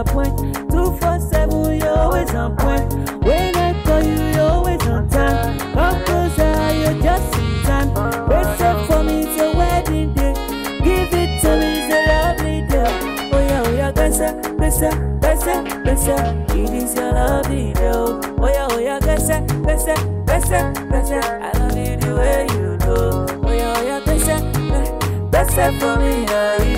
a point. Two, four, seven, you're always on point. When I call you, you're always on time. Come closer, you're just in time. What's up for me? It's a wedding day. Give it to me, it's a lovely day. Oh yeah, oh yeah, gasa, gasa, gasa, gasa. It is your lovely day. Oh yeah, oh yeah, gasa, gasa, gasa, gasa. I love you the way you do. Oh yeah, oh yeah, gasa, gasa for me, yeah.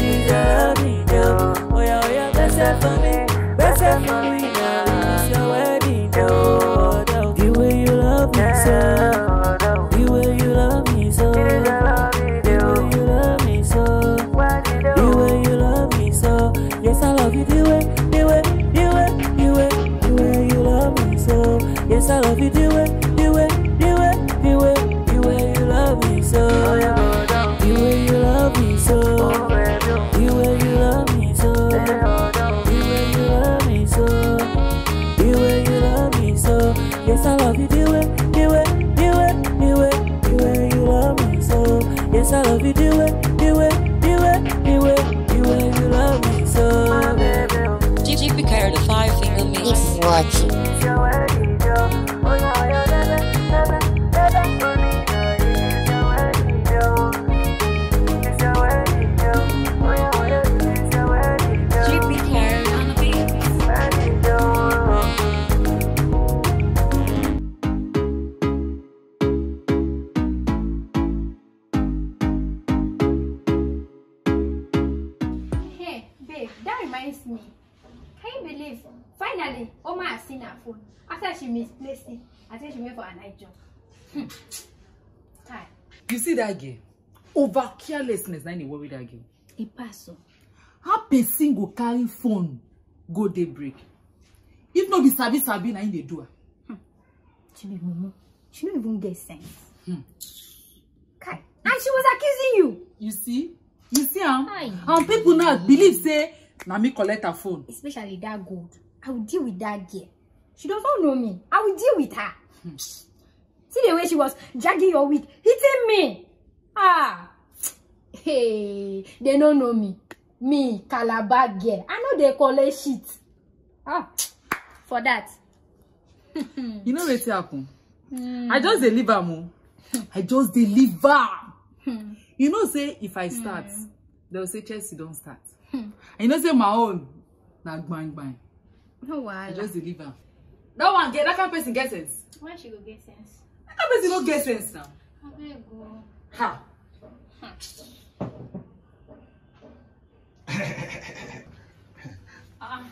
house. that girl over carelessness na him dey worry that girl. e pass how person go carry phone go daybreak? break if no be sabi sabi na him dey do am. Hmm. she be mumu she no even get sense. Hmm. kai and she was accusing you. you see you see am um, and people now believe say na me collect her phone. especially that gold i will deal with that girl she does not know me i will deal with her. Hmm. see the way she was dragging your wig hitting me ah hey, they don't know me me calabar girl i know they call it shit ah for that. you know what happen mm. i just deliver, mo. i just deliver. you know say if i start mm. they go say chelsea don't start hmm. you know say my own na gbangban no wahala i just deliver. that one get that kind of person get sense. why she go get sense. that kind of person no get sense now. abeg go? How? uh, ah.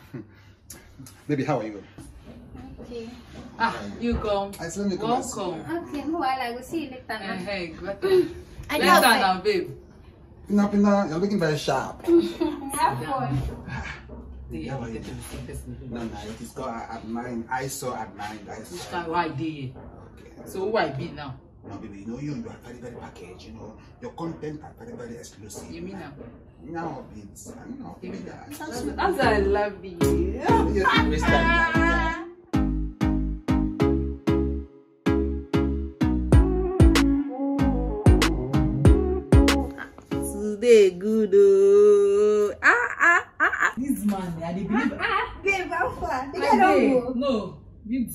Baby, how are you? Okay. Ah, you go. I still need to go. go. Okay, well, I will see you later. Now. Eh, hey, got it. Later now, babe. Pina, Pina, you're looking very sharp. Have fun. Yeah, but it, no, no, it is called uh, admiring. I saw admiring. I saw. Why did? Okay. So who I be now? Now, baby, you know you, you are very, very packaged, you know. Your content are very, very exclusive. You mean now? Now, it's, I don't know. that? that's, I love you. Yeah. Yes,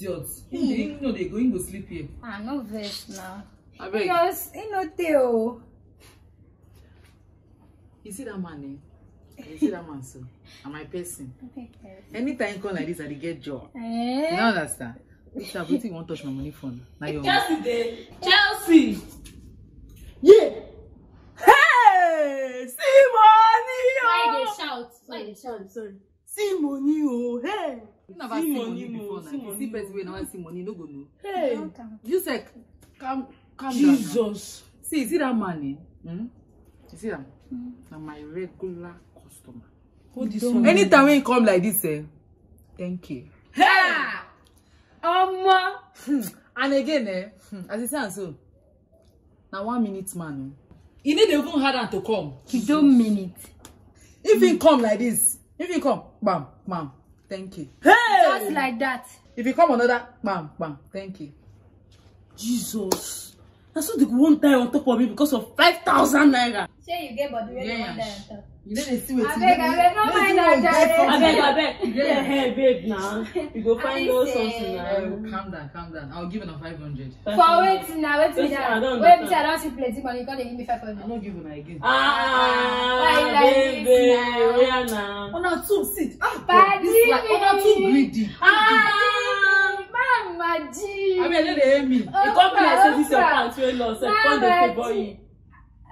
idiot him no dey go him go sleep here ah no vex na abeg because he no tey you see that man eh you see that man so na my person anytime come like this i get joy eh? you understand sister wetin you wan touch my money for Now your chelsea dey chelsea yeah. hey see money o. why you dey oh! shout why you dey shout sorry see money o hey never see, money, before see money see person wey never see money no go know hey you sef calm calm jesus. down jesus see you see that man eh hmm? you see am mm. na my regular customer hold this one anytime wey he come like this eh thank you ha omo hmm. and again eh hmm. as you see am so na one minute man o. Oh. e no dey even hard am to come. he don mean if he come like this if you come bam bam thank you hey just like that if you come another bam bam thank you jesus that's what dey won't die on top of me because of five thousand naira. shey you get body wey dey want die on top you know they see wetin abeg abeg no mind that jare abeg abeg yeah hey babe na you go find all sorts na. Um, calm down calm down I'll will give una five hundred. for wetin Now, wetin na wey be say i don see plenty money you come dey give me five hundred. i no give her again. ah babe oya na. una too sick ah padi me una too greedy. ah mama ah. I mean, i don't dey hear me. e come be like say dis your pant wey loss sef come dey favour you.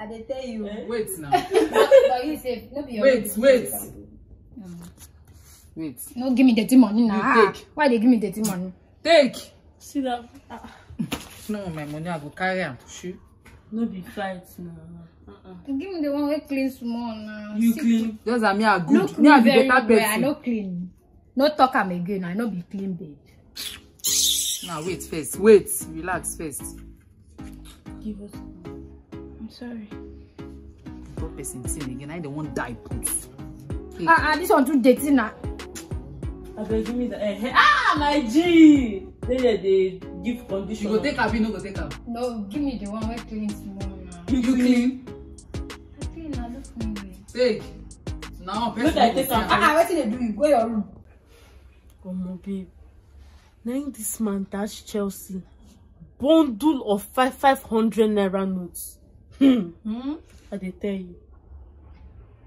I dey tell you. Eh? Wait now. but you say be your Wait, wait. No. Wait. No give me the money now. You take. Ah, why they give me the money? Take. See that. Ah. no, my money I go carry and push you. No be fight now. Uh -uh. Give me the one wey clean small now. You See, clean? Those are me are good. Look me, me I better person. Well, I no clean. No talk am again. I no be clean babe. Now wait first. Wait. Relax first. Give us. sorry. Poor person thing again. I don't want die put. Ah, ah, this one too dirty now. Okay, give me the eh, eh, ah my g they they dey give condition. you go take am you no go take am. no give me the one where clean small na. you clean. i clean I look me take Now one person go take am. ah, ah what they do you go your room. Come on, babe na this man dash chelsea bundle of five five hundred naira notes Hmm? I did tell you.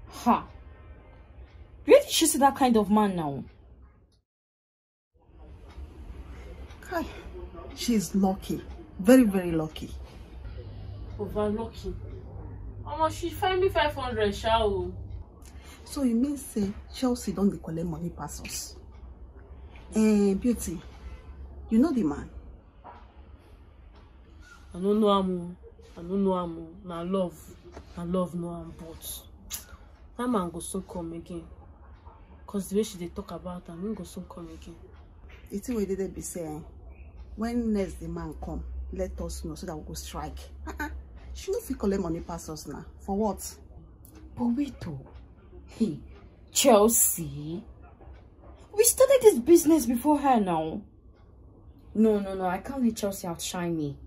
Ha. Where did she see that kind of man now? Hi. She's lucky. Very, very lucky. Over lucky. Omo, she find me 500 shall. So you mean say Chelsea don't dey collect money pass us? Eh, beauty. You know the man. I don't know am i no know I'm o na love na love no am but that man go soon come again cause the way she they talk about am him go soon come again. the thing wey dey be saying, eh, when next the man come let us know so that we go strike uh -uh. she no fit collect money pass us na for what. but wait o hey chelsea we started this business before her now no no no i can't let chelsea outshine me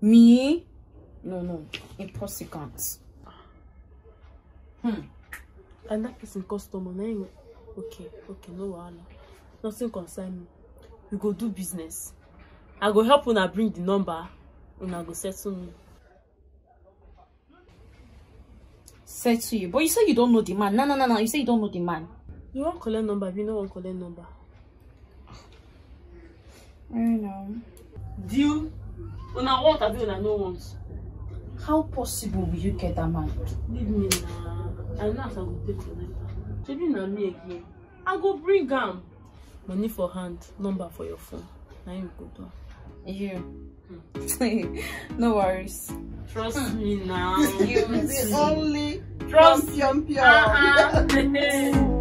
me No, no. impossible. Hmm. And that person customer name. Okay, okay, no wahala. Nothing concern me. We go do business. I go help I bring the number. I go settle me. Settle you. But you say you don't know the man. No, no, no, no. You say you don't know the man. You call the number, you know call the number. I know. Do you? Una want, to you una no once. How possible will you get that man? Leave me now. I know I will take for later. Shebi na me again. I go bring am. Money for hand, number for your phone. I am go Yeah. You. Hmm. no worries. Trust hmm. me now. You only. Trust, your pure. Uh -huh.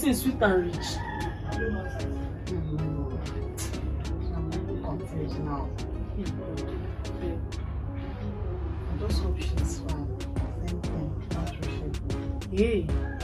everything sweet and rich. Now, I just hope she's fine. Same thing, not Hey.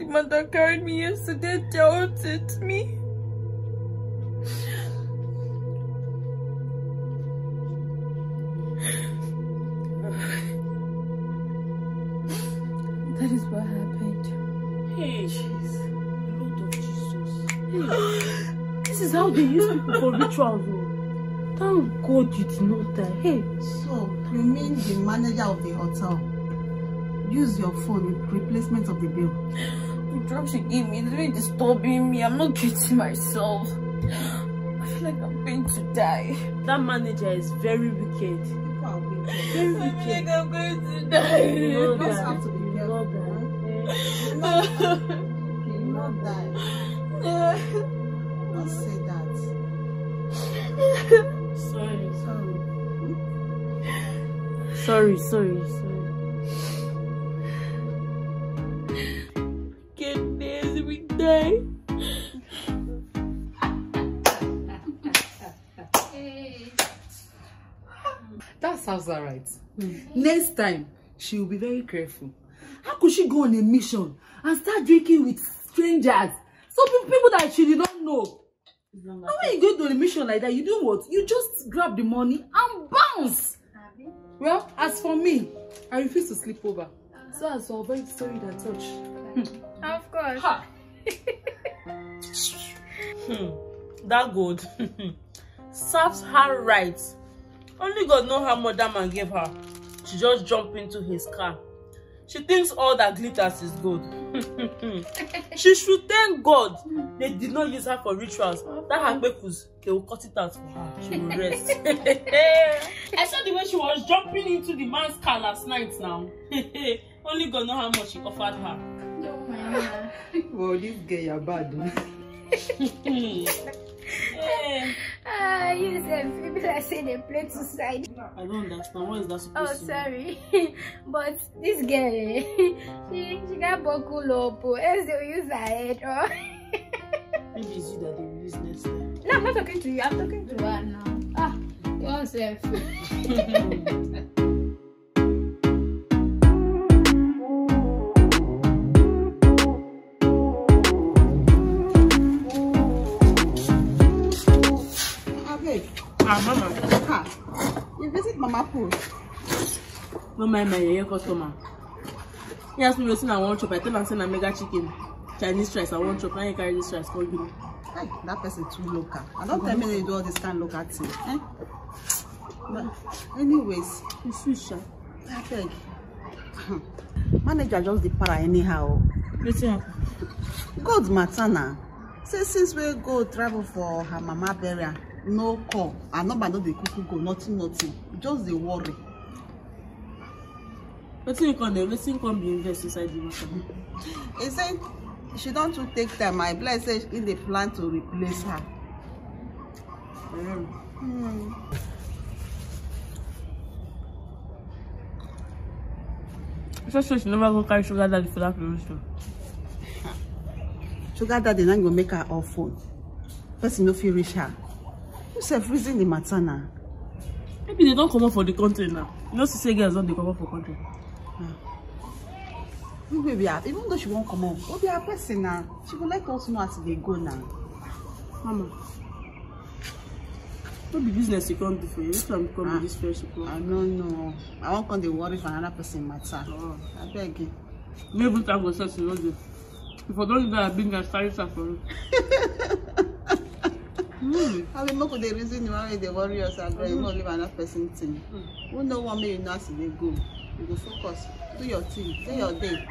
the mother carried me yesterday doubted me. that is what happened. Hey, Lord of Jesus. Hey. this is how they use people for rituals. Oh. Thank God you did not die. Hey. So, you mean the manager of the hotel? Use your phone with replacement of the bill drug she gave me is really disturbing me. I'm not kidding myself. I feel like I'm going to die. That manager is very wicked. Very wicked. I feel like I'm going to die. You know that. You know that. You know that. Don't say that. Sorry. Sorry. Hmm? Sorry, sorry. this that sounds all right. Next time, she will be very careful. How could she go on a mission and start drinking with strangers? Some people that she did not know. Now when you go on a mission like that, you do what? You just grab the money and bounce. Well, as for me, I refuse to sleep over. So as for very sorry that touched. Hmm. Of course. Ha. Hmm. That gold hmm. serves her right. Only God knows how much that man gave her. She just jumped into his car. She thinks all that glitters is gold. she should thank God they did not use her for rituals. That her bekus, they will cut it out for her. She will rest. I saw the way she was jumping into the man's car last night now. Only God knows how much he offered her. well, this girl, you're bad. Ah, you said people are saying they play two side. I don't understand. What is that supposed oh, to Oh, sorry. but this girl, eh, she, she got buckle up. Oh. Else they'll use her head. Or... Oh. Maybe it's you that they will use next time. No, I'm not talking to you. I'm talking to her now. Ah, yourself. Ah, ah. You visit Mama Poo. No mind my yeye customer. He asked me wetin I wan chop. I tell him say a mega chicken, Chinese rice I wan chop. I him carry this rice for you. Hey, that person too local. I don't tell me they do all this kind of local thing. Eh? But anyways, you see, sha. Abeg. Manager just dey para anyhow. Wetin happen? God matter na. Say since we go travel for her mama burial, no call her number no dey cuckoo go nothing nothing just dey worry. wetin come dey wetin come be invest inside the matter. he say she don too take time My e be like say he dey plan to replace her. Mm. Mm. so so she never go carry sugar daddy for that promotion. sugar daddy na go make her off phone person no fit reach her you sef reason the matter now. maybe they don't come up for the country now you know she say girls don dey comot for country. Ah. Maybe baby ah even though she won't come up, comot obi her person now, she will let us know as they go now. mama no be business you come do for you which one become ah, this friendship one. i no know i wan come to worry for another person matter oh. abeg. no even time go set you no dey you for don do that bring am carry sack for you. Mm. I mean, most of the reason why they worry us and mm. not live another person thing. Mm. We know one minute now, so they go. You go focus. Do your thing. Do your day.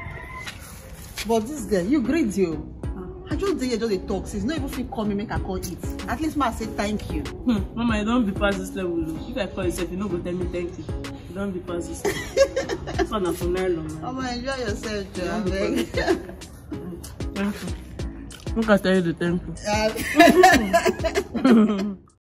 But this girl, you greet you. Hmm. I just dey just the talk since not even fit coming. make I call it. At least ma say thank you. Hmm. mama you don be past this level o. If I call yourself. you no go tell me thank you. You don be past this level. This one na for nylon. Mama, enjoy yourself jo Thank you. Nunca saiu do tempo. Ah.